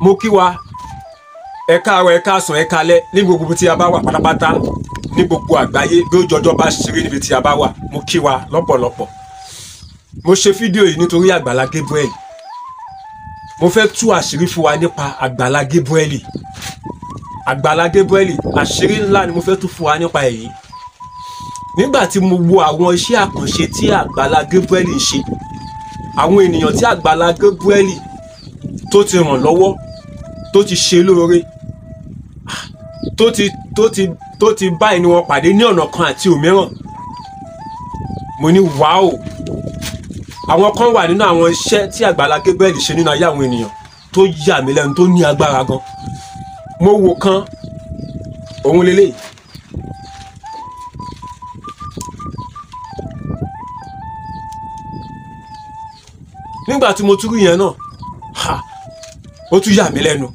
mo kí wa ẹ káàárọ̀ ẹ káàsán ẹ kálẹ́ ní gbogbo tí a bá wà pátápátá ní gbogbo àgbáyé bí ó jọjọ bá ṣeré níbi tí a bá wà mo kí wa lọ́pọ̀lọpọ̀ mo ṣe fídíò yìí nítorí àgbàlá Gabriel mo fẹ́ tú àṣírí fún wa nípa àgbàlá Gabriel àgbàlá Gabriel àṣírí ńlá ni mo fẹ́ tú fún wa nípa èyí nígbà tí mo wo àwọn iṣẹ́ àkànṣe tí àgbàlá Gabriel ń ṣe àwọn ènìyàn tí àgbàlá Gabriel tó ti ràn lọ́wọ́ tó ti ṣe lóore tó ti tó ti tó ti bá ẹni wọn pàdé ní ọ̀nà kan àti òmíràn mo ní wáò àwọn kan wà nínú àwọn iṣẹ́ tí Àgbàlá Gabriel ṣe nínú ayé àwọn ènìyàn tó yà mí lẹ́nu tó ní agbára gan mo wò kan òun lélẹ̀ nígbà tí mo tún rí yẹn náà ó tún yà mí lẹ́nu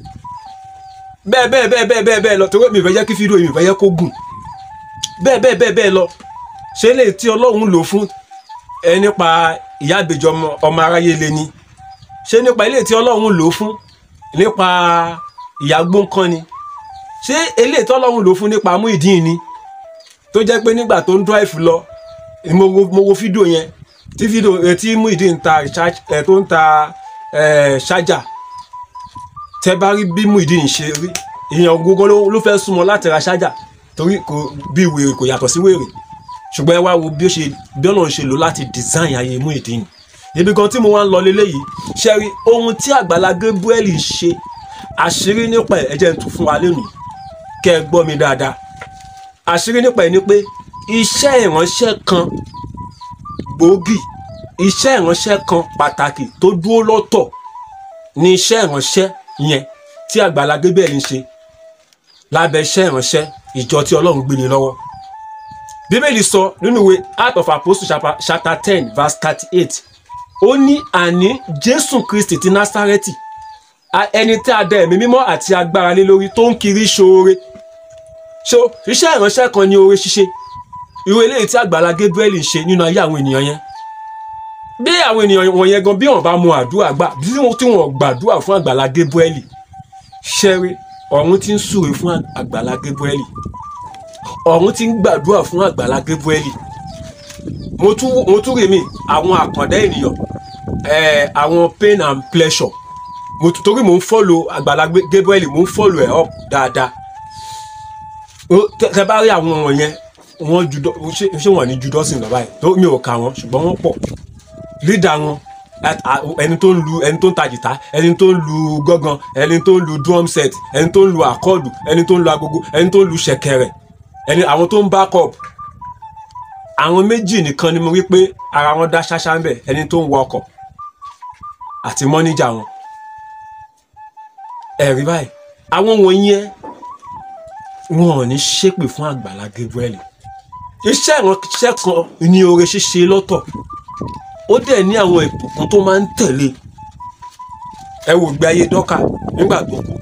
bẹ́ẹ̀ bẹ́ẹ̀ bẹ́ẹ̀ bẹ́ẹ̀ bẹ́ẹ̀ bẹ́ẹ̀ lọ torí mi ìfẹ́ yẹ kí fídíò mi ìfẹ́ yẹ kó gùn bẹ́ẹ̀ bẹ́ẹ̀ bẹ́ẹ̀ bẹ́ẹ̀ lọ ṣé lè tí ọlọ́run lò fún ẹ nípa ìyá àbèjọ ọmọ aráyé lé ní ṣé nípa ilé tí ọlọ́run lò fún nípa ìyá gbóǹkan ni ṣé eléyìí tọ́lọ́run lò fún nípa Muyideen ni tó jẹ́ pé nígbà tó ń drive lọ mo wo fídíò yẹn tí fídíò tí Muyideen ń ta ṣájà tẹ́ bá rí bí Muyideen ṣe rí èèyàn gógó ló fẹ́ súnmọ́ láti ra ṣájà torí kò bí wèrè kò yàtọ̀ sí wèrè ṣùgbọ́n ẹ wá wo bí ó ṣe bí ọ̀nà ṣe lò láti design ayé Muyideen ibi kan tí mo wá ń lọ leléyìí ṣe rí ohun tí Àgbàlá Gabriel ṣe àṣírí nípa ẹ̀ ẹ̀jẹ̀ ń tún fún wa lónìí kẹ́ ẹ gbọ́ mi dáadáa àṣírí nípa ẹ̀ ni pé iṣẹ́ ìránṣẹ́ kan gbòógì iṣẹ́ ìránṣẹ́ kan pàtàkì tó dúró lọ́tọ̀ ni iṣẹ́ ìránṣẹ́ yẹn tí àgbàlá Gabriel ń ṣe lábẹ́ iṣẹ́ ìránṣẹ́ ìjọ tí ọlọ́run gbé ni lọ́wọ́ bíbélì sọ nínú ìwé act of apostles chapter ten verse thirty eight ó ní àní jésù kristi ti násárẹ́tì ẹni tí a dá ẹ̀mí mímọ́ àti agbára lé lórí tó ń kiri ṣoore so iṣẹ́ ìránṣẹ́ kan ni oore ṣíṣe irú eléyìí tí àgbàlá Gabriel ń ṣe nínú ayé àwọn ènìyàn yẹn bí àwọn ènìyàn wọ̀nyẹn gan bí wọn bá mú àdúrà gbà bí wọn tí wọn gbàdúrà fún àgbàlá Gabriel ṣẹrí ọ̀run ti ń súre fún àgbàlá Gabriel ọ̀run ti ń gbàdúrà fún àgbàlá Gabriel mo tún mo tún rèmi àwọn àkàndá ènìyàn àwọn pain and pleasure mo torí mo ń fọ́lò àgbàlá Gabriel mo ń fọ́lò ẹ̀ up dáadáa tẹ bá rí àwọn wọ̀nyẹn wọ́n ju ṣé wọ́n ní ju dọ́sìn lọ́ba yìí tó mi ò kà wọ́n ṣùgbọ́n wọ́n pọ̀ leader wọn ẹni tó ń lu ẹni tó ń ta jìtá ẹni tó ń lu gángan ẹni tó ń lu drum set ẹni tó ń lu akọọdù ẹni tó ń lu agogo ẹni tó ń lu ṣẹ̀kẹ̀rẹ̀ ẹni àwọn tó ń back up àwọn méjì nìkan ni mo wí pé ara wọn dá ṣáṣá ń bẹ ẹni tó ń wọ ọkọ̀ àti mọ́níjà wọn ẹ̀rí báyìí àwọn wọ̀nyẹn wọn ò ní ṣépè fún Àgbàlá Gabriel iṣẹ́ ìránṣẹ́ kan ni oore ṣíṣe lọ́tọ̀ ó dẹ̀ ní àwọn ìbùkún tó máa ń tẹ̀lé ẹ wò gbé ayé dọ́kà nígbà tó kú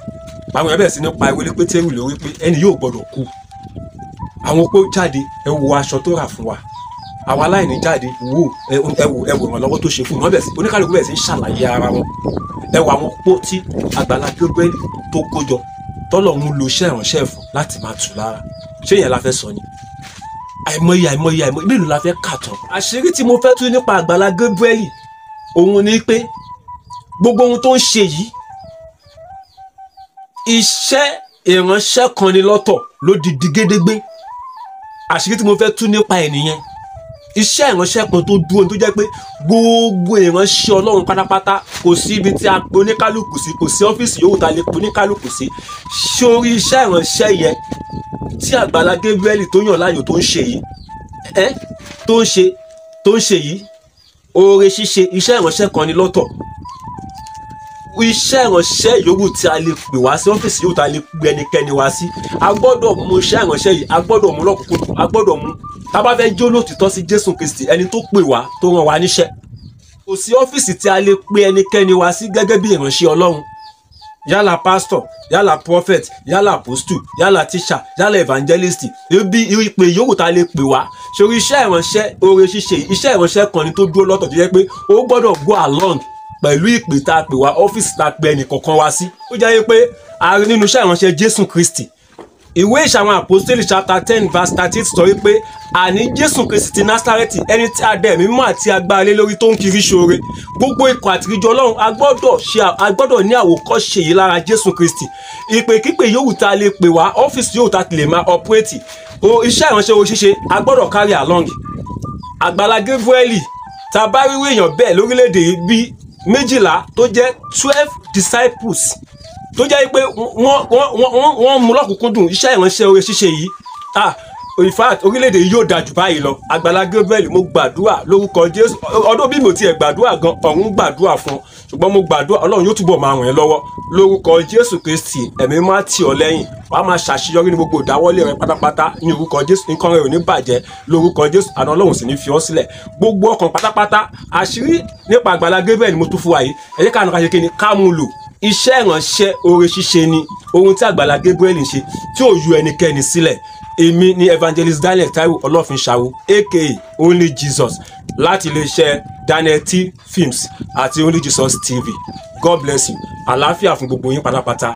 àwọn ẹ̀bẹ̀ sí ní pa ìwé pétérù lórí pé ẹni yóò gbọ́dọ̀ kú àwọn opó jáde ẹ wo aṣọ tó rà fún wa àwọn aláìní jáde wò ẹ wò ẹ wò ìrànlọ́wọ́ tó ṣe fún wọn bẹ̀rẹ̀ sí oníkàlùkù bẹ̀rẹ̀ sí ń ṣàlàyé ara wọn ẹ wò àwọn opó tí àgbàlá Gabriel tó kójọ tọ́lọ̀ ń lo iṣẹ́ ìránṣẹ́ fún láti máa tù lára ṣé ìyẹn la fẹ́ sọ ni àìmọye àìmọye àìmọye mélòó la fẹ́ kà tán. àṣírí tí mo fẹ́ tú nípa àgbàlá Gabriel òun ni pé gbogbo ohun tó ń ṣe yìí iṣẹ́ ìránṣẹ́ kan ni lọ́tọ̀ ló di digédégbé àṣírí tí mo fẹ́ tú nípa ẹ̀ nìyẹn iṣẹ́ ìránṣẹ́ kan tó dúró tó jẹ́ pé gbogbo ìránṣẹ́ ọlọ́run pátápátá kò sí ibi tí a pe oníkálukú sí kò sí ọ́fíìsì yòówù tá a lè pe oníkálukú sí sórí iṣẹ́ ìránṣẹ́ yẹn tí àgbàlá Gabriel tó yàn láàyò tó ń ṣe yìí ẹ tó ń ṣe tó ń ṣe yìí oore ṣíṣe iṣẹ́ ìránṣẹ́ kan ni lọ́tọ̀ iṣẹ́ ìránṣẹ́ yòówù tí a lè pè wá sí ọ́fíìsì yòówù tí a lè pè ẹnikẹ́ni wá sí a gbọ́dọ̀ mú iṣẹ́ ìránṣẹ́ yìí a gbọ́dọ̀ mú lọ́kùnkùn a gbọ́dọ̀ mú tá a bá fẹ́ jó lòtítọ́ sí Jésù Kristi ẹni tó pè wá tó ràn wá níṣẹ́ kò sí ọ́fíìsì tí a lè pè ẹnikẹ́ni wá sí gẹ́gẹ́ bí ìránṣẹ́ Ọlọ́run yálà pastor yálà prophet yálà apostle yálà teacher yálà evangelist ibi ìpè yòówù tá a lè pè wá sórí iṣẹ́ ìránṣẹ́ oore ṣíṣe iṣẹ́ ìránṣẹ́ kan ni tó dúró lọ́tọ̀ tó yẹ pé ó gbọ́dọ̀ go along pẹ̀lú ìpè tá a pè wá ọ́fíìsì tá a pè ẹnì kọ̀ọ̀kan wá sí ó jẹ́ pé a rí nínú iṣẹ́ ìránṣẹ́ Jésù Kristi ìwé ìṣàwọn àpòstélì chapter ten verse thirty sọ wípé àní jésù kristi násárẹ́tì ẹni tí a dẹ ẹ̀mí mímọ́ àti agbára lé lórí tó ń kiri ṣoore gbogbo ikọ̀ àtìríjọ ọlọ́run a gbọ́dọ̀ ṣe a gbọ́dọ̀ ní àwòkọ́ṣe yìí lára jésù kristi ìpèkípè yòówù tá a lè pè wá ọ́fíìsì yòówù tá a ti lè máa ọpúrẹ́tì iṣẹ́ ìránṣẹ́ owó ṣíṣe a gbọ́dọ̀ carry along àgbàlá gabriel tá a bá ríru èèyàn bẹ́ẹ̀ lórílẹ̀‐èdè yìí bíi méjìlá tó jẹ́ twelve disciples tó jẹ́ pé wọ́n mú lọ́kùnkúndùn iṣẹ́ ìránṣẹ́ oore ṣíṣe yìí ah, in fact orílẹ̀-èdè yìí yóò dájú báyìí lọ Àgbàlá Gabriel mo gbàdúrà lórúkọ Jésù ọdún bí mo tiẹ̀ gbàdúrà gan ọ̀run gbàdúrà fún ṣùgbọ́n mo gbàdúrà Ọlọ́run yóò túbọ̀ máa ràn ẹ́ lọ́wọ́ lórúkọ Jésù Kristi ẹ̀mí máa tì ọ́ lẹ́yìn wà á máa ṣàṣeyọrí ní gbogbo ìdáwọ́lé rẹ pátápátá ní orúkọ Jésù nǹkan rẹ ò ní bàjẹ́ lórúkọ Jésù àná Ọlọ́run sì ní fi ọ́ sílẹ̀ gbogbo ọkàn pátápátá àṣírí nípa Àgbàlá Gabriel mo tún fún wa yìí ẹ̀yẹ́ ká nǹkan ni ká mú lò iṣẹ́ ìránṣẹ́ oore ṣíṣe ni ohun tí àgbàlá Gabriel ń ṣe tí ò ju ẹnikẹ́ni sílẹ̀ èmi ni evangelist Daniel Taiwo Ọlọ́finṣàwò aka Only Jesus láti iléeṣẹ́ Daniel T films àti Only Jesus TV God bless you àlàáfíà fún gbogbo yín pátápátá.